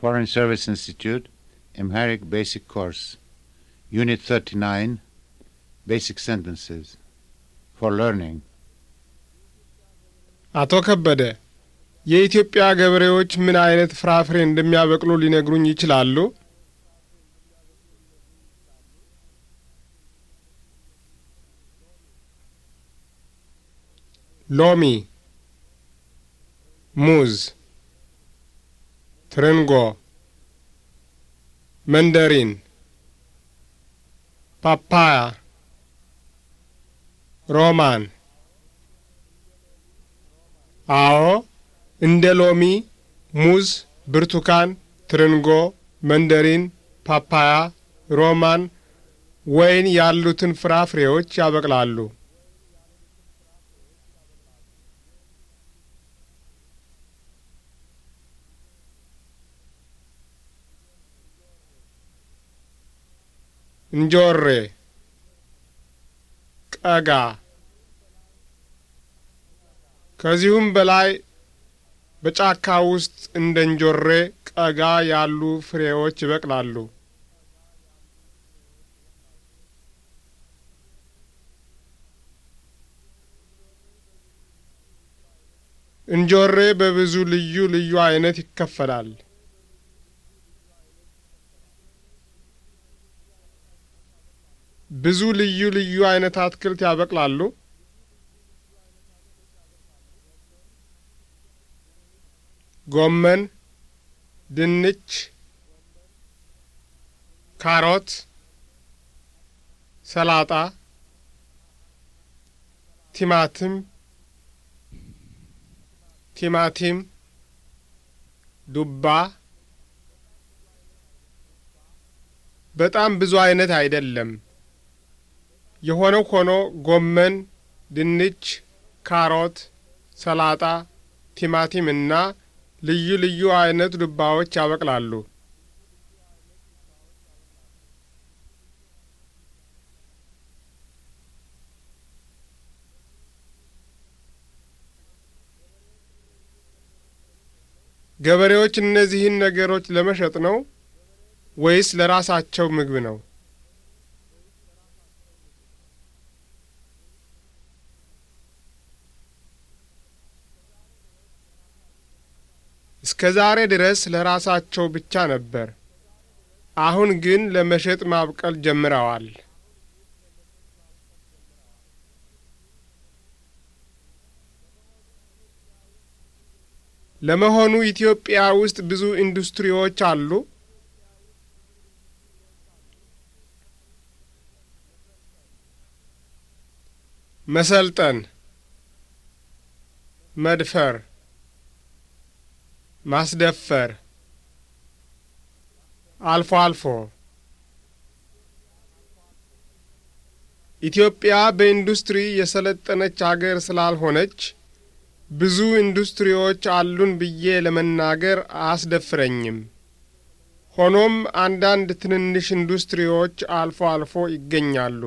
Foreign Service Institute, Amharic Basic Course, Unit 39, Basic Sentences, for Learning. አቶ ከበደ የኢትዮጵያ ገበሬዎች ምን አይነት ፍራፍሬ እንደሚያበቅሉ ሊነግሩኝ ይችላሉ? ሎሚ፣ ሙዝ ትርንጎ፣ መንደሪን፣ ፓፓያ፣ ሮማን። አዎ፣ እንደ ሎሚ፣ ሙዝ፣ ብርቱካን፣ ትርንጎ፣ መንደሪን፣ ፓፓያ፣ ሮማን፣ ወይን ያሉትን ፍራፍሬዎች ያበቅላሉ። እንጆሬ ቀጋ ከዚሁም በላይ በጫካ ውስጥ እንደ እንጆሬ ቀጋ ያሉ ፍሬዎች ይበቅላሉ። እንጆሬ በብዙ ልዩ ልዩ አይነት ይከፈላል። ብዙ ልዩ ልዩ አይነት አትክልት ያበቅላሉ። ጎመን፣ ድንች፣ ካሮት፣ ሰላጣ፣ ቲማቲም ቲማቲም፣ ዱባ። በጣም ብዙ አይነት አይደለም። የሆነው ሆኖ ጎመን፣ ድንች፣ ካሮት፣ ሰላጣ፣ ቲማቲም እና ልዩ ልዩ አይነት ዱባዎች ያበቅላሉ። ገበሬዎች እነዚህን ነገሮች ለመሸጥ ነው ወይስ ለራሳቸው ምግብ ነው? እስከ ዛሬ ድረስ ለራሳቸው ብቻ ነበር። አሁን ግን ለመሸጥ ማብቀል ጀምረዋል። ለመሆኑ ኢትዮጵያ ውስጥ ብዙ ኢንዱስትሪዎች አሉ? መሰልጠን፣ መድፈር ማስደፈር አልፎ አልፎ ኢትዮጵያ በኢንዱስትሪ የሰለጠነች አገር ስላልሆነች ብዙ ኢንዱስትሪዎች አሉን ብዬ ለመናገር አያስደፍረኝም። ሆኖም አንዳንድ ትንንሽ ኢንዱስትሪዎች አልፎ አልፎ ይገኛሉ።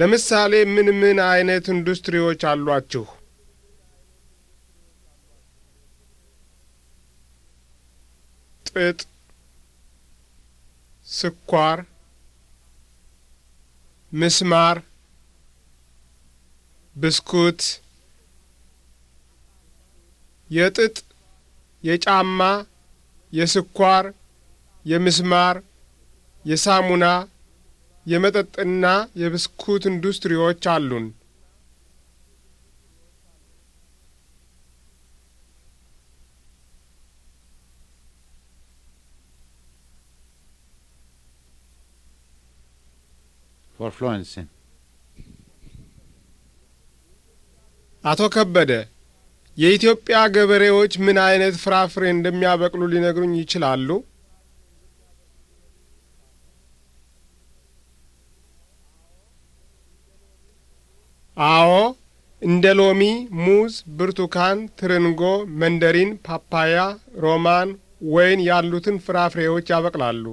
ለምሳሌ ምን ምን አይነት ኢንዱስትሪዎች አሏችሁ? ጥጥ፣ ስኳር፣ ምስማር፣ ብስኩት፣ የጥጥ፣ የጫማ፣ የስኳር፣ የምስማር፣ የሳሙና የመጠጥና የብስኩት ኢንዱስትሪዎች አሉን። አቶ ከበደ የኢትዮጵያ ገበሬዎች ምን አይነት ፍራፍሬ እንደሚያበቅሉ ሊነግሩኝ ይችላሉ? አዎ እንደ ሎሚ፣ ሙዝ፣ ብርቱካን፣ ትርንጎ፣ መንደሪን፣ ፓፓያ፣ ሮማን፣ ወይን ያሉትን ፍራፍሬዎች ያበቅላሉ።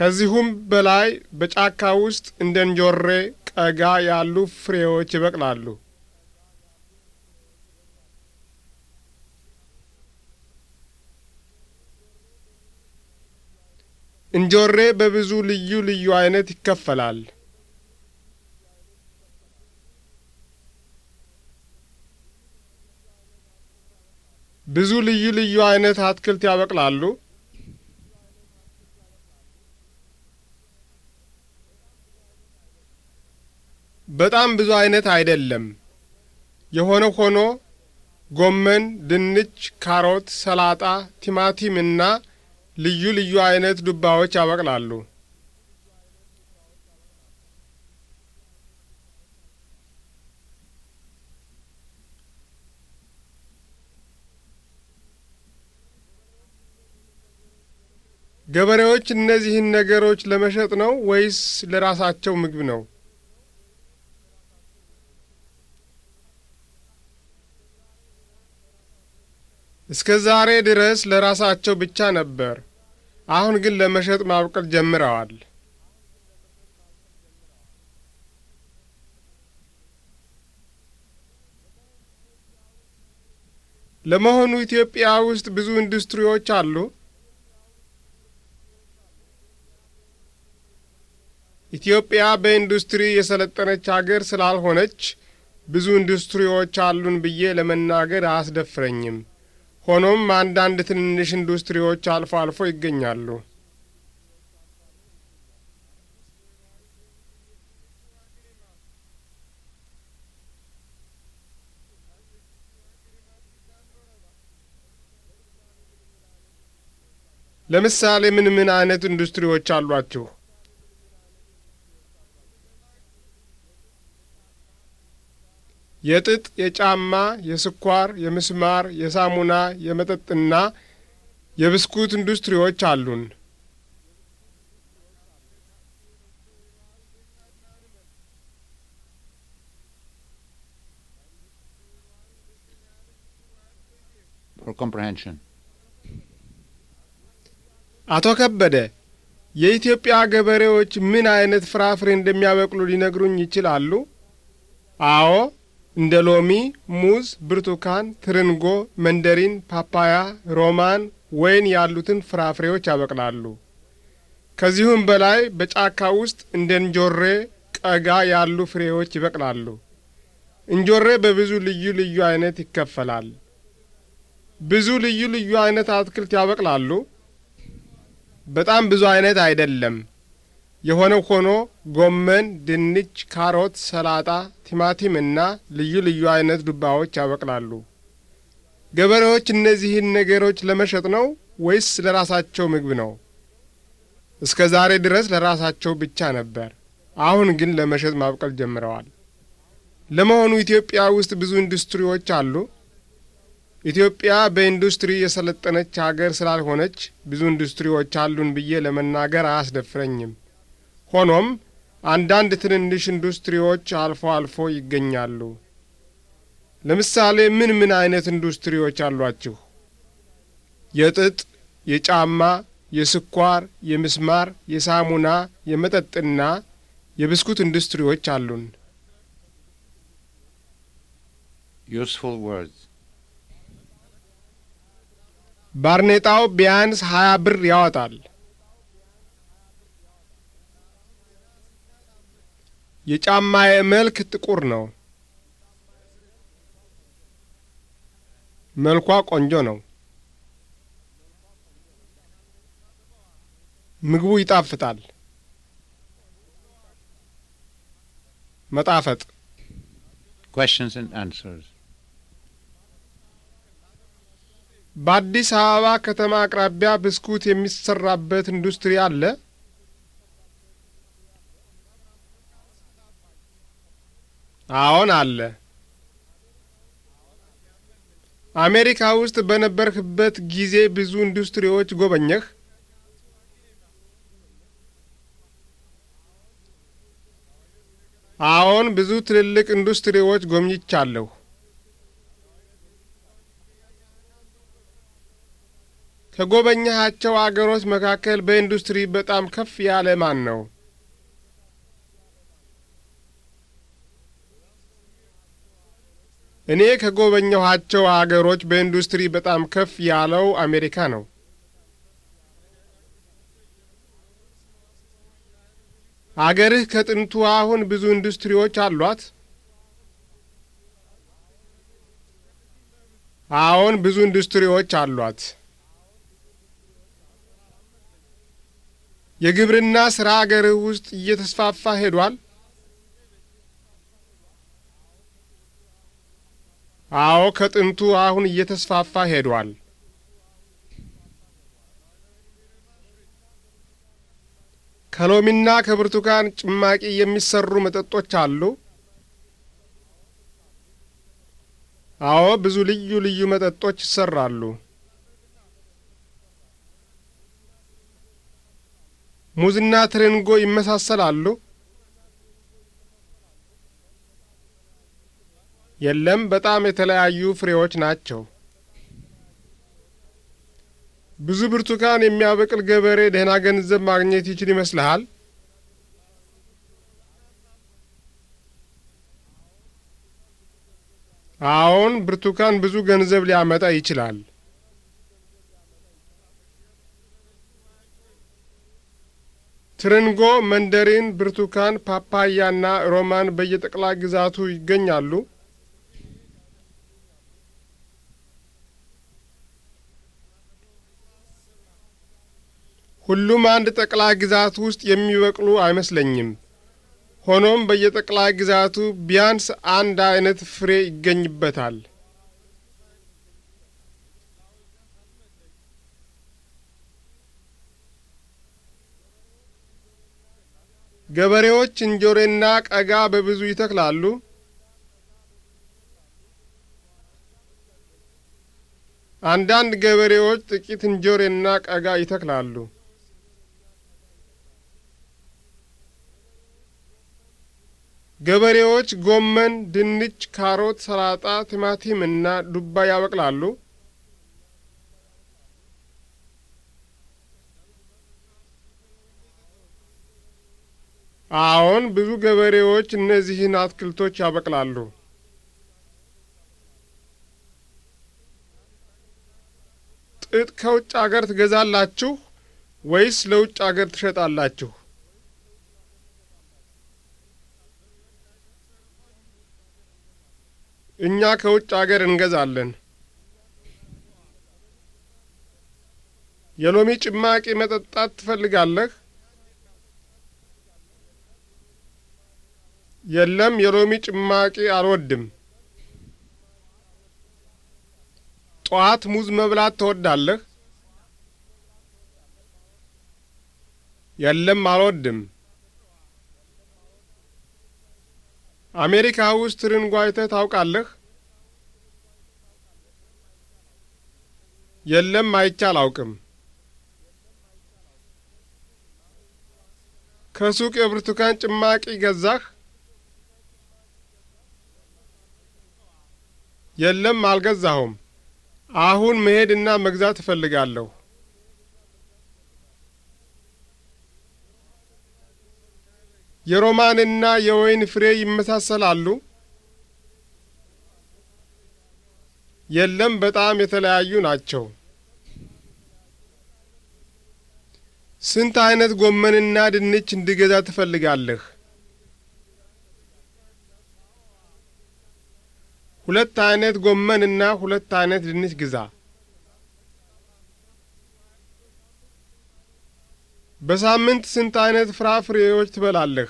ከዚሁም በላይ በጫካ ውስጥ እንደ እንጆሬ፣ ቀጋ ያሉ ፍሬዎች ይበቅላሉ። እንጆሬ በብዙ ልዩ ልዩ አይነት ይከፈላል። ብዙ ልዩ ልዩ አይነት አትክልት ያበቅላሉ። በጣም ብዙ አይነት አይደለም። የሆነ ሆኖ ጎመን፣ ድንች፣ ካሮት፣ ሰላጣ፣ ቲማቲም እና ልዩ ልዩ አይነት ዱባዎች ያበቅላሉ። ገበሬዎች እነዚህን ነገሮች ለመሸጥ ነው ወይስ ለራሳቸው ምግብ ነው? እስከ ዛሬ ድረስ ለራሳቸው ብቻ ነበር። አሁን ግን ለመሸጥ ማብቀል ጀምረዋል። ለመሆኑ ኢትዮጵያ ውስጥ ብዙ ኢንዱስትሪዎች አሉ? ኢትዮጵያ በኢንዱስትሪ የሰለጠነች አገር ስላልሆነች ብዙ ኢንዱስትሪዎች አሉን ብዬ ለመናገር አያስደፍረኝም። ሆኖም አንዳንድ ትንንሽ ኢንዱስትሪዎች አልፎ አልፎ ይገኛሉ። ለምሳሌ ምን ምን አይነት ኢንዱስትሪዎች አሏችሁ? የጥጥ፣ የጫማ፣ የስኳር፣ የምስማር፣ የሳሙና፣ የመጠጥና የብስኩት ኢንዱስትሪዎች አሉን። አቶ ከበደ የኢትዮጵያ ገበሬዎች ምን አይነት ፍራፍሬ እንደሚያበቅሉ ሊነግሩኝ ይችላሉ? አዎ እንደ ሎሚ፣ ሙዝ፣ ብርቱካን፣ ትርንጎ፣ መንደሪን፣ ፓፓያ፣ ሮማን፣ ወይን ያሉትን ፍራፍሬዎች ያበቅላሉ። ከዚሁም በላይ በጫካ ውስጥ እንደ እንጆሬ፣ ቀጋ ያሉ ፍሬዎች ይበቅላሉ። እንጆሬ በብዙ ልዩ ልዩ አይነት ይከፈላል። ብዙ ልዩ ልዩ አይነት አትክልት ያበቅላሉ። በጣም ብዙ አይነት አይደለም። የሆነው ሆኖ ጎመን፣ ድንች፣ ካሮት፣ ሰላጣ፣ ቲማቲም እና ልዩ ልዩ አይነት ዱባዎች ያበቅላሉ። ገበሬዎች እነዚህን ነገሮች ለመሸጥ ነው ወይስ ለራሳቸው ምግብ ነው? እስከ ዛሬ ድረስ ለራሳቸው ብቻ ነበር። አሁን ግን ለመሸጥ ማብቀል ጀምረዋል። ለመሆኑ ኢትዮጵያ ውስጥ ብዙ ኢንዱስትሪዎች አሉ? ኢትዮጵያ በኢንዱስትሪ የሰለጠነች አገር ስላልሆነች ብዙ ኢንዱስትሪዎች አሉን ብዬ ለመናገር አያስደፍረኝም። ሆኖም አንዳንድ ትንንሽ ኢንዱስትሪዎች አልፎ አልፎ ይገኛሉ። ለምሳሌ ምን ምን አይነት ኢንዱስትሪዎች አሏችሁ? የጥጥ፣ የጫማ፣ የስኳር፣ የምስማር፣ የሳሙና፣ የመጠጥና የብስኩት ኢንዱስትሪዎች አሉን። ዩስፉል ወርድስ ባርኔጣው ቢያንስ ሀያ ብር ያወጣል። የጫማዬ መልክ ጥቁር ነው። መልኳ ቆንጆ ነው። ምግቡ ይጣፍጣል። መጣፈጥ በአዲስ አበባ ከተማ አቅራቢያ ብስኩት የሚሰራበት ኢንዱስትሪ አለ? አዎን አለ። አሜሪካ ውስጥ በነበርህበት ጊዜ ብዙ ኢንዱስትሪዎች ጎበኘህ? አዎን፣ ብዙ ትልልቅ ኢንዱስትሪዎች ጎብኝቻለሁ። ከጎበኘሃቸው አገሮች መካከል በኢንዱስትሪ በጣም ከፍ ያለ ማን ነው? እኔ ከጎበኘኋቸው አገሮች በኢንዱስትሪ በጣም ከፍ ያለው አሜሪካ ነው። አገርህ ከጥንቱ አሁን ብዙ ኢንዱስትሪዎች አሏት? አዎን፣ ብዙ ኢንዱስትሪዎች አሏት። የግብርና ሥራ አገርህ ውስጥ እየተስፋፋ ሄዷል? አዎ ከጥንቱ አሁን እየተስፋፋ ሄዷል። ከሎሚና ከብርቱካን ጭማቂ የሚሰሩ መጠጦች አሉ። አዎ ብዙ ልዩ ልዩ መጠጦች ይሰራሉ። ሙዝና ትርንጎ ይመሳሰላሉ። የለም፣ በጣም የተለያዩ ፍሬዎች ናቸው። ብዙ ብርቱካን የሚያበቅል ገበሬ ደህና ገንዘብ ማግኘት ይችል ይመስልሃል? አዎን፣ ብርቱካን ብዙ ገንዘብ ሊያመጣ ይችላል። ትርንጎ፣ መንደሪን፣ ብርቱካን፣ ፓፓያና ሮማን በየጠቅላይ ግዛቱ ይገኛሉ። ሁሉም አንድ ጠቅላይ ግዛት ውስጥ የሚበቅሉ አይመስለኝም። ሆኖም በየጠቅላይ ግዛቱ ቢያንስ አንድ አይነት ፍሬ ይገኝበታል። ገበሬዎች እንጆሬና ቀጋ በብዙ ይተክላሉ። አንዳንድ ገበሬዎች ጥቂት እንጆሬና ቀጋ ይተክላሉ። ገበሬዎች ጎመን፣ ድንች፣ ካሮት፣ ሰላጣ፣ ቲማቲም እና ዱባ ያበቅላሉ። አዎን፣ ብዙ ገበሬዎች እነዚህን አትክልቶች ያበቅላሉ። ጥጥ ከውጭ አገር ትገዛላችሁ ወይስ ለውጭ አገር ትሸጣላችሁ? እኛ ከውጭ አገር እንገዛለን። የሎሚ ጭማቂ መጠጣት ትፈልጋለህ? የለም፣ የሎሚ ጭማቂ አልወድም። ጠዋት ሙዝ መብላት ትወዳለህ? የለም፣ አልወድም። አሜሪካ ውስጥ ትርንጓይተህ ታውቃለህ? የለም፣ አይቼ አላውቅም። ከሱቅ የብርቱካን ጭማቂ ገዛህ? የለም፣ አልገዛሁም። አሁን መሄድና መግዛት እፈልጋለሁ። የሮማንና የወይን ፍሬ ይመሳሰላሉ? የለም፣ በጣም የተለያዩ ናቸው። ስንት አይነት ጎመንና ድንች እንድገዛ ትፈልጋለህ? ሁለት አይነት ጎመንና ሁለት አይነት ድንች ግዛ። በሳምንት ስንት አይነት ፍራፍሬዎች ትበላለህ?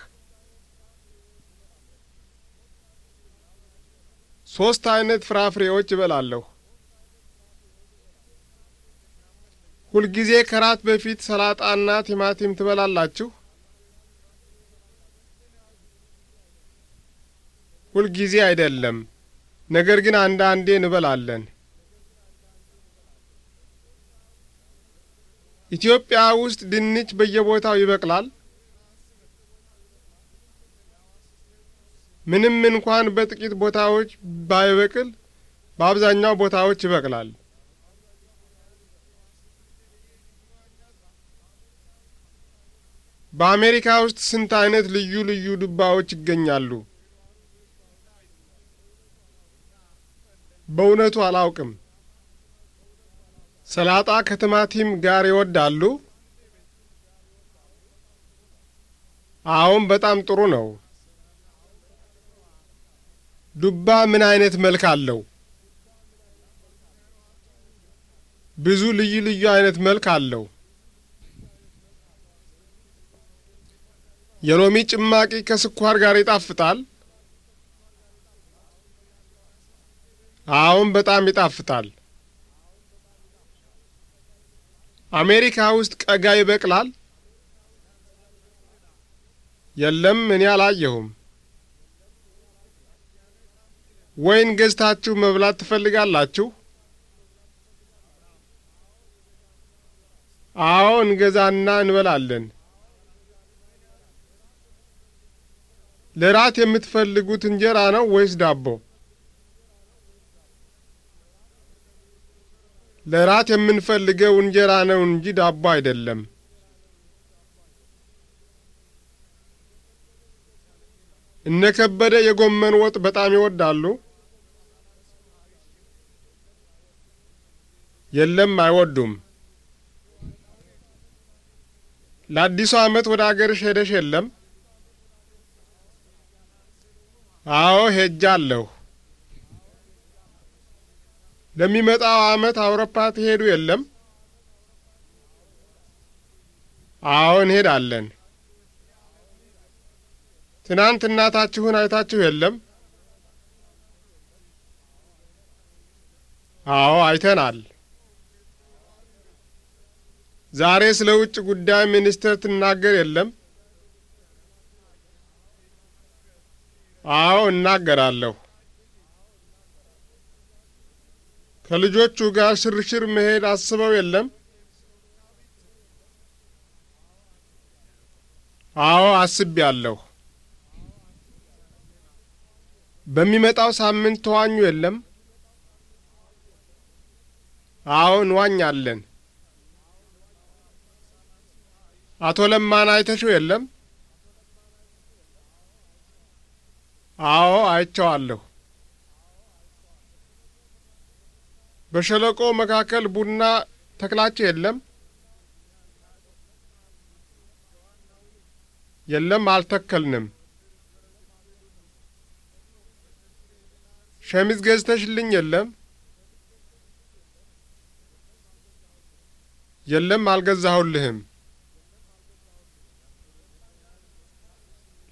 ሶስት አይነት ፍራፍሬዎች እበላለሁ። ሁልጊዜ ከራት በፊት ሰላጣና ቲማቲም ትበላላችሁ? ሁልጊዜ አይደለም፣ ነገር ግን አንዳንዴ እንበላለን። ኢትዮጵያ ውስጥ ድንች በየቦታው ይበቅላል። ምንም እንኳን በጥቂት ቦታዎች ባይበቅል በአብዛኛው ቦታዎች ይበቅላል። በአሜሪካ ውስጥ ስንት አይነት ልዩ ልዩ ዱባዎች ይገኛሉ? በእውነቱ አላውቅም። ሰላጣ ከቲማቲም ጋር ይወዳሉ? አሁን በጣም ጥሩ ነው። ዱባ ምን አይነት መልክ አለው? ብዙ ልዩ ልዩ አይነት መልክ አለው። የሎሚ ጭማቂ ከስኳር ጋር ይጣፍጣል? አሁን በጣም ይጣፍጣል። አሜሪካ ውስጥ ቀጋ ይበቅላል? የለም፣ እኔ አላየሁም። ወይን ገዝታችሁ መብላት ትፈልጋላችሁ? አዎ፣ እንገዛና እንበላለን። ለራት የምትፈልጉት እንጀራ ነው ወይስ ዳቦ? ለራት የምንፈልገው እንጀራ ነው እንጂ ዳቦ አይደለም። እነ ከበደ የጎመን ወጥ በጣም ይወዳሉ። የለም፣ አይወዱም። ለአዲሱ ዓመት ወደ አገርሽ ሄደሽ የለም? አዎ ሄጃለሁ። ለሚመጣው ዓመት አውሮፓ ትሄዱ የለም? አዎ እንሄዳለን። ትናንት እናታችሁን አይታችሁ የለም? አዎ አይተናል። ዛሬ ስለ ውጭ ጉዳይ ሚኒስትር ትናገር የለም? አዎ እናገራለሁ። ከልጆቹ ጋር ሽርሽር መሄድ አስበው የለም? አዎ አስቤያለሁ። በሚመጣው ሳምንት ተዋኙ የለም? አዎ እንዋኛለን። አቶ ለማን አይተሽው የለም? አዎ አይቼዋለሁ። በሸለቆ መካከል ቡና ተክላቸው የለም? የለም፣ አልተከልንም። ሸሚዝ ገዝተሽልኝ የለም? የለም፣ አልገዛሁልህም።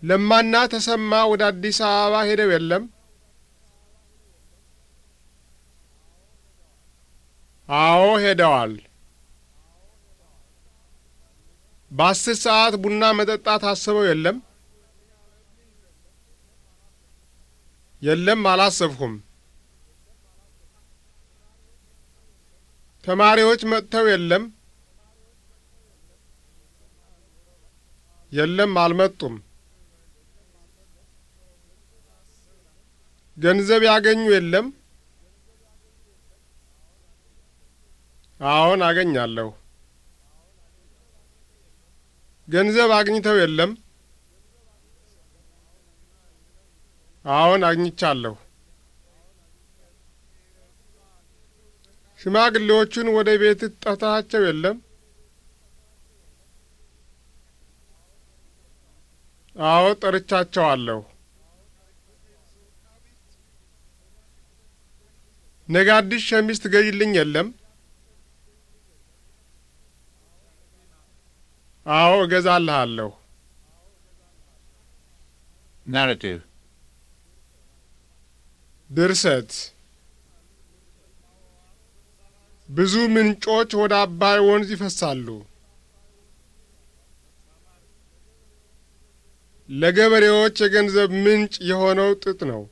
ለማና ተሰማ ወደ አዲስ አበባ ሄደው የለም? አዎ ሄደዋል። በአስር ሰዓት ቡና መጠጣት አስበው የለም? የለም፣ አላሰብሁም። ተማሪዎች መጥተው የለም? የለም፣ አልመጡም። ገንዘብ ያገኙ የለም? አዎን አገኛለሁ። ገንዘብ አግኝተው የለም? አዎን አግኝቻለሁ። ሽማግሌዎቹን ወደ ቤት ጠርተሃቸው የለም? አዎ ጠርቻቸዋለሁ። ነጋዲሽ ሸሚዝ ትገዥልኝ የለም? አዎ እገዛልሃለሁ። ናሬቲቭ ድርሰት ብዙ ምንጮች ወደ አባይ ወንዝ ይፈሳሉ። ለገበሬዎች የገንዘብ ምንጭ የሆነው ጥጥ ነው።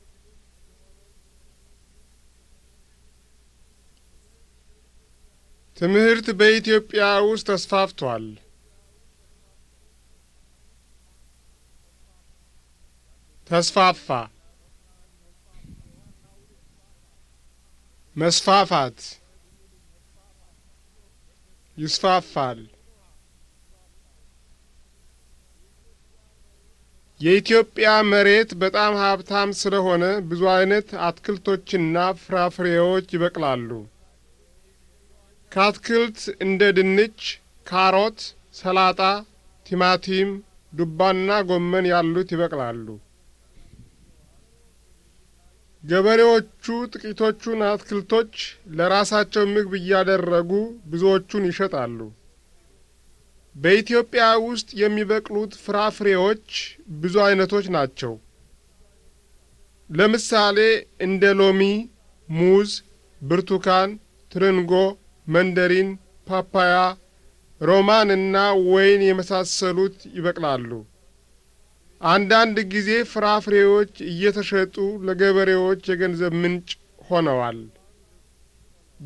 ትምህርት በኢትዮጵያ ውስጥ ተስፋፍቷል። ተስፋፋ መስፋፋት ይስፋፋል የኢትዮጵያ መሬት በጣም ሀብታም ስለሆነ ብዙ አይነት አትክልቶችና ፍራፍሬዎች ይበቅላሉ። ከአትክልት እንደ ድንች፣ ካሮት፣ ሰላጣ፣ ቲማቲም፣ ዱባና ጎመን ያሉት ይበቅላሉ። ገበሬዎቹ ጥቂቶቹን አትክልቶች ለራሳቸው ምግብ እያደረጉ ብዙዎቹን ይሸጣሉ። በኢትዮጵያ ውስጥ የሚበቅሉት ፍራፍሬዎች ብዙ አይነቶች ናቸው። ለምሳሌ እንደ ሎሚ፣ ሙዝ፣ ብርቱካን፣ ትርንጎ፣ መንደሪን፣ ፓፓያ፣ ሮማንና ወይን የመሳሰሉት ይበቅላሉ። አንዳንድ ጊዜ ፍራፍሬዎች እየተሸጡ ለገበሬዎች የገንዘብ ምንጭ ሆነዋል።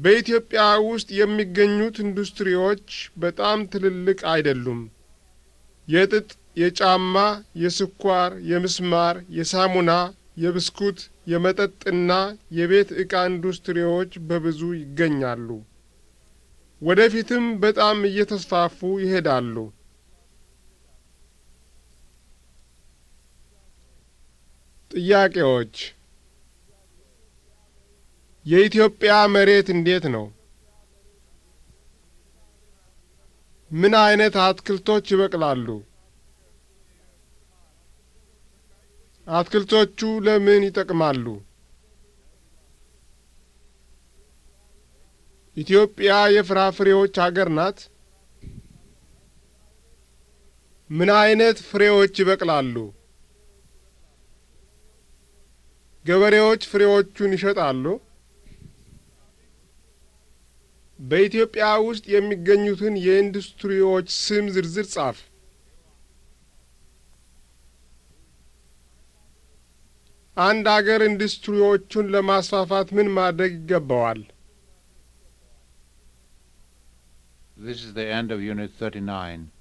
በኢትዮጵያ ውስጥ የሚገኙት ኢንዱስትሪዎች በጣም ትልልቅ አይደሉም። የጥጥ፣ የጫማ፣ የስኳር፣ የምስማር፣ የሳሙና፣ የብስኩት፣ የመጠጥና የቤት ዕቃ ኢንዱስትሪዎች በብዙ ይገኛሉ። ወደፊትም በጣም እየተስፋፉ ይሄዳሉ። ጥያቄዎች የኢትዮጵያ መሬት እንዴት ነው? ምን አይነት አትክልቶች ይበቅላሉ? አትክልቶቹ ለምን ይጠቅማሉ? ኢትዮጵያ የፍራፍሬዎች አገር ናት? ምን አይነት ፍሬዎች ይበቅላሉ? ገበሬዎች ፍሬዎቹን ይሸጣሉ? በኢትዮጵያ ውስጥ የሚገኙትን የኢንዱስትሪዎች ስም ዝርዝር ጻፍ። አንድ አገር ኢንዱስትሪዎቹን ለማስፋፋት ምን ማድረግ ይገባዋል? This is the end of Unit 39.